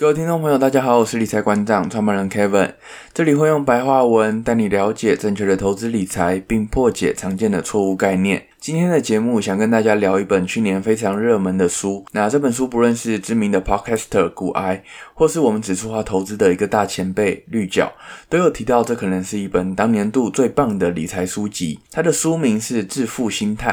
各位聽眾朋友，大家好，我是理財館長創辦人 Kevin，這裡會用白話文帶你了解正確的投資理財，並破解常見的錯誤概念。今天的節目想跟大家聊一本去年非常熱門的書，那這本書不論是知名的 Podcaster 股癌，或是我們指數化投資的一個大前輩綠角，都有提到這可能是一本當年度最棒的理財書籍。它的書名是《致富心態》。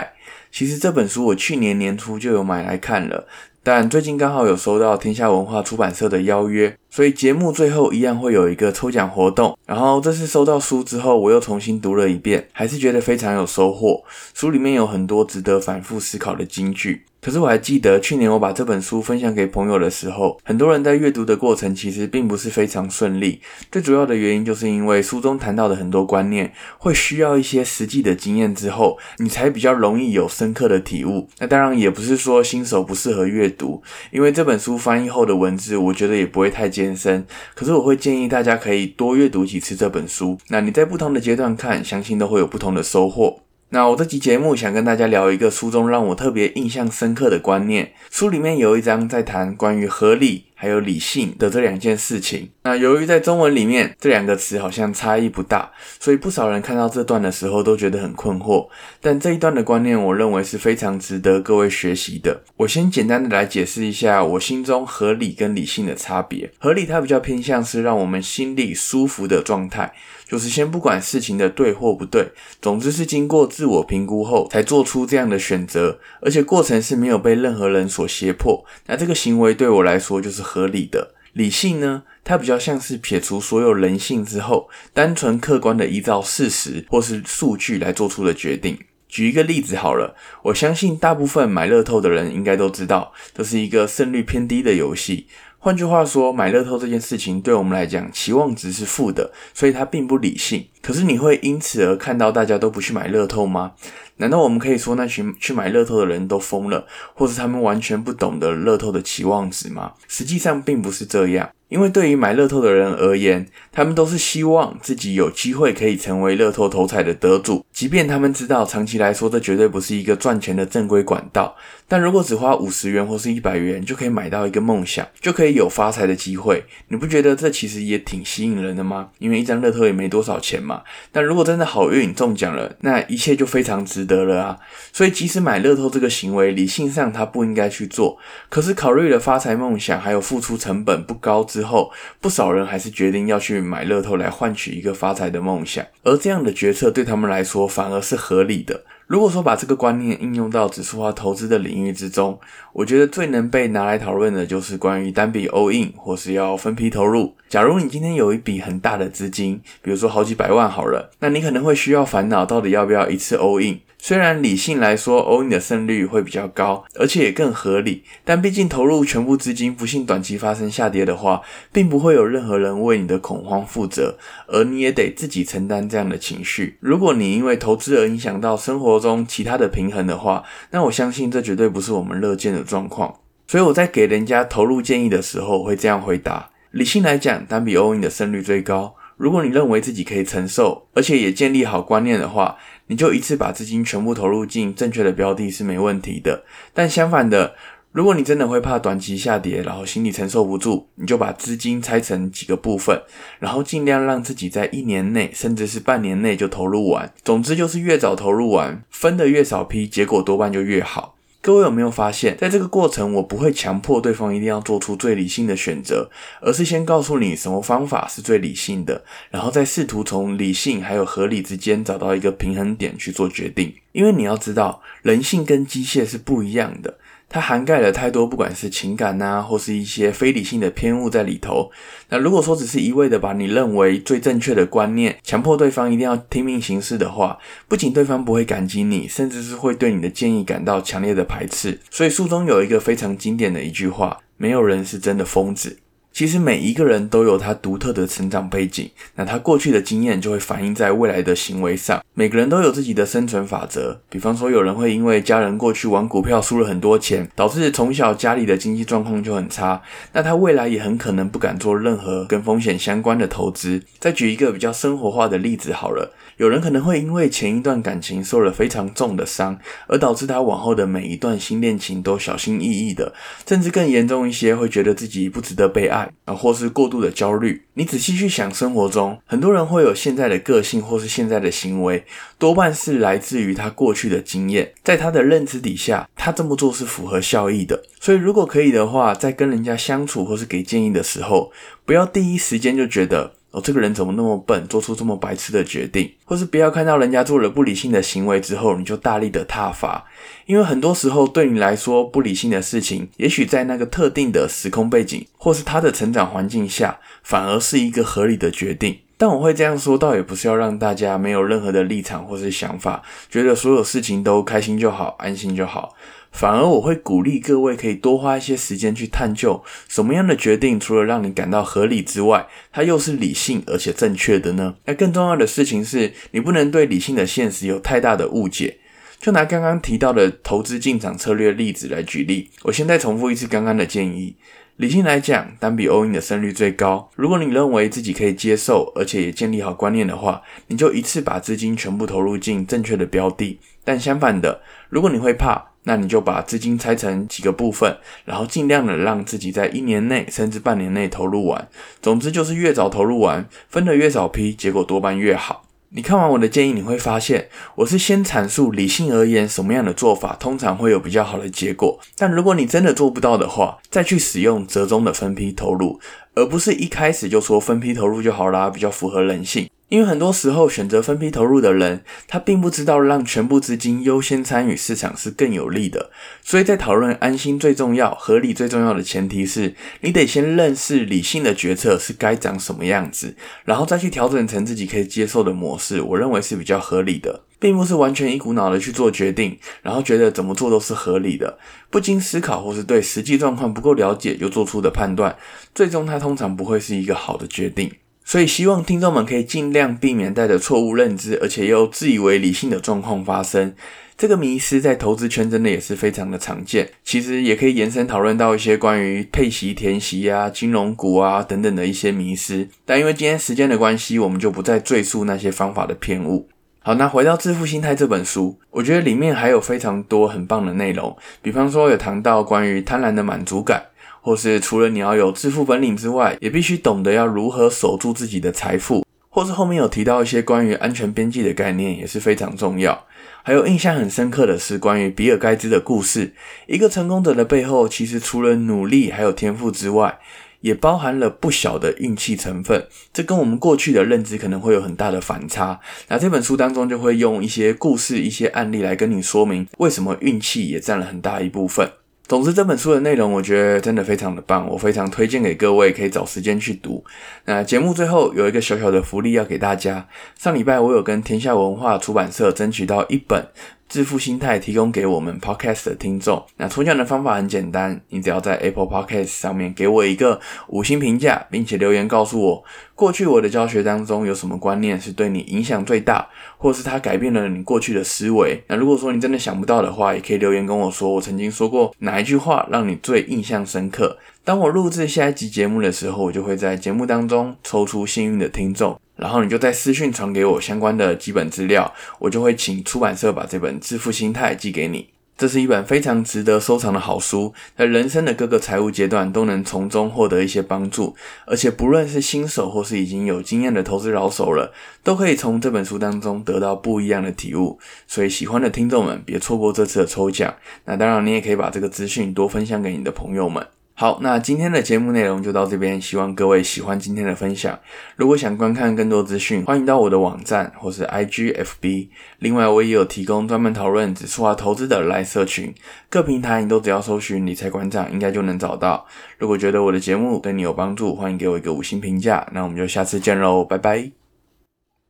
其實這本書我去年年初就有買來看了。但最近剛好有收到天下文化出版社的邀約，所以節目最後一樣會有一個抽獎活動。然後這次收到書之後，我又重新讀了一遍，還是覺得非常有收穫。書裡面有很多值得反復思考的金句。可是我還記得去年我把這本書分享給朋友的時候，很多人在閱讀的過程其實並不是非常順利。最主要的原因就是因為書中談到的很多觀念，會需要一些實際的經驗之後，你才比較容易有深刻的體悟。那當然也不是說新手不適合閱讀，因為這本書翻譯後的文字我覺得也不會太艱深。可是我會建議大家可以多閱讀幾次這本書，那你在不同的階段看，相信都會有不同的收穫。那我這期節目想跟大家聊一個書中讓我特別印象深刻的觀念。書裡面有一章在談關於合理還有理性的這兩件事情。那由於在中文裡面這兩個詞好像差異不大，所以不少人看到這段的時候都覺得很困惑。但這一段的觀念，我認為是非常值得各位學習的。我先簡單的來解釋一下我心中合理跟理性的差別。合理它比較偏向是讓我們心裡舒服的狀態。就是先不管事情的對或不對，總之是經過自我評估後才做出這樣的選擇，而且過程是沒有被任何人所脅迫。那這個行為對我來說就是合理的。理性呢，它比較像是撇除所有人性之後，單純客觀的依照事實或是數據來做出的決定。舉一個例子好了，我相信大部分買樂透的人應該都知道，這是一個勝率偏低的遊戲。換句話說，買樂透這件事情對我們來講，期望值是負的，所以它並不理性。可是你會因此而看到大家都不去買樂透嗎？難道我們可以說那群去買樂透的人都瘋了，或是他們完全不懂得樂透的期望值嗎？實際上並不是這樣。因為對於買樂透的人而言，他們都是希望自己有機會可以成為樂透頭彩的得主，即便他們知道長期來說這絕對不是一個賺錢的正規管道。但如果只花五十元或是一百元就可以買到一個夢想，就可以有發財的機會，你不覺得這其實也挺吸引人的嗎？因為一張樂透也沒多少錢嘛。但如果真的好運中獎了，那一切就非常值得了啊！所以，即使買樂透這個行為理性上他不應該去做，可是考慮了發財夢想，還有付出成本不高。之後，不少人還是決定要去買樂透來換取一個發財的夢想，而這樣的決策對他們來說反而是合理的。如果說把這個觀念應用到指數化投資的領域之中，我覺得最能被拿來討論的就是關於單筆 all in，或是要分批投入。假如你今天有一筆很大的資金，比如說好幾百萬好了，那你可能會需要煩惱到底要不要一次 all in。雖然理性來說，all in 的勝率會比較高，而且也更合理，但畢竟投入全部資金，不幸短期發生下跌的話，並不會有任何人為你的恐慌負責，而你也得自己承擔這樣的情緒。如果你因為投資而影響到生活中其他的平衡的話，那我相信這絕對不是我們樂見的狀況。所以我在給人家投入建議的時候，會這樣回答：理性來講，單筆 all in 的勝率最高。如果你認為自己可以承受，而且也建立好觀念的話，你就一次把資金全部投入進正確的標的是沒問題的。但相反的，如果你真的會怕短期下跌，然後心理承受不住，你就把資金拆成幾個部分，然後盡量讓自己在一年內甚至是半年內就投入完。總之就是越早投入完，分的越少批，結果多半就越好。各位有沒有發現，在這個過程，我不會強迫對方一定要做出最理性的選擇，而是先告訴你什麼方法是最理性的，然後再試圖從理性還有合理之間找到一個平衡點去做決定。因為你要知道，人性跟機械是不一樣的。它涵蓋了太多，不管是情感呐、啊，或是一些非理性的偏誤在裡頭。那如果說只是一味的把你認為最正確的觀念，強迫對方一定要聽命行事的話，不僅對方不會感激你，甚至是會對你的建議感到強烈的排斥。所以書中有一個非常經典的一句話：沒有人是真的瘋子。其實每一個人都有他獨特的成長背景，那他過去的經驗就會反映在未來的行為上。每個人都有自己的生存法則，比方說有人會因為家人過去玩股票輸了很多錢，導致從小家裡的經濟狀況就很差，那他未來也很可能不敢做任何跟風險相關的投資。再舉一個比較生活化的例子好了，有人可能會因為前一段感情受了非常重的傷，而導致他往後的每一段新戀情都小心翼翼的，甚至更嚴重一些，會覺得自己不值得被愛。啊，或是過度的焦慮。你仔細去想，生活中很多人會有現在的個性或是現在的行為，多半是來自於他過去的經驗。在他的認知底下，他這麼做是符合效益的。所以如果可以的話，在跟人家相處或是給建議的時候，不要第一時間就覺得。哦，這個人怎麼那麼笨，做出這麼白痴的決定？或是不要看到人家做了不理性的行為之後，你就大力的撻伐，因為很多時候對你來說不理性的事情，也許在那個特定的時空背景或是他的成長環境下，反而是一個合理的決定。但我會這樣說，倒也不是要讓大家沒有任何的立場或是想法，覺得所有事情都開心就好，安心就好。反而我會鼓勵各位可以多花一些時間去探究，什麼樣的決定除了讓你感到合理之外，它又是理性而且正確的呢？那更重要的事情是，你不能對理性的現實有太大的誤解。就拿剛剛提到的投資進場策略例子來舉例，我現在重複一次剛剛的建議。理性來講，單筆歐印的勝率最高。如果你認為自己可以接受，而且也建立好觀念的話，你就一次把資金全部投入進正確的標的。但相反的，如果你會怕，那你就把資金拆成幾個部分，然後盡量的讓自己在一年內甚至半年內投入完。總之就是越早投入完，分的越少批，結果多半越好。你看完我的建議，你會發現我是先闡述理性而言什麼樣的做法通常會有比較好的結果，但如果你真的做不到的話，再去使用折中的分批投入，而不是一開始就說分批投入就好啦啊，比較符合人性。因為很多時候選擇分批投入的人，他並不知道讓全部資金優先參與市場是更有利的。所以在討論安心最重要、合理最重要的前提是你得先認識理性的決策是該長什麼樣子，然後再去調整成自己可以接受的模式。我認為是比較合理的，並不是完全一股腦的去做決定，然後覺得怎麼做都是合理的，不經思考或是對實際狀況不夠了解又做出的判斷，最終它通常不會是一個好的決定。所以希望聽眾們可以盡量避免帶着錯誤認知，而且又自以為理性的狀況發生。這個迷思在投資圈真的也是非常的常見。其實也可以延伸討論到一些關於配息、填息啊、金融股啊等等的一些迷思。但因為今天時間的關係，我們就不再贅述那些方法的偏誤。好，那回到《致富心態》這本書，我覺得裡面還有非常多很棒的內容。比方說有談到關於貪婪的滿足感。或是除了你要有致富本領之外，也必須懂得要如何守住自己的財富。或是後面有提到一些關於安全邊際的概念，也是非常重要。還有印象很深刻的是關於比爾蓋茨的故事。一個成功者的背後，其實除了努力還有天賦之外，也包含了不小的運氣成分。這跟我們過去的認知可能會有很大的反差。那這本書當中就會用一些故事、一些案例來跟你說明，為什麼運氣也占了很大一部分。總之，這本書的內容我覺得真的非常的棒，我非常推薦給各位，可以找時間去讀。那節目最後有一個小小的福利要給大家，上禮拜我有跟天下文化出版社爭取到一本。致富心態提供給我們 Podcast 的聽眾。那抽獎的方法很簡單，你只要在 Apple Podcast 上面給我一個五星評價，並且留言告訴我，過去我的教學當中有什麼觀念是對你影響最大，或是它改變了你過去的思維。那如果說你真的想不到的話，也可以留言跟我說，我曾經說過哪一句話讓你最印象深刻。當我錄制下一集節目的時候，我就會在節目當中抽出幸運的聽眾。然後你就在私訊傳給我相關的基本資料，我就會請出版社把這本《致富心態》寄給你。這是一本非常值得收藏的好書，在人生的各個財務階段都能從中獲得一些幫助。而且不論是新手或是已經有經驗的投資老手了，都可以從這本書當中得到不一樣的體悟。所以喜歡的聽眾們，別錯過這次的抽獎。那當然，你也可以把這個資訊多分享給你的朋友們。好，那今天的節目內容就到這邊，希望各位喜歡今天的分享。如果想觀看更多資訊，歡迎到我的網站或是 IGFB。另外，我也有提供專門討論指數化、啊、投資的賴社群，各平台你都只要搜尋“理財館長”應該就能找到。如果覺得我的節目對你有幫助，歡迎給我一個五星評價。那我們就下次見嘍，拜拜。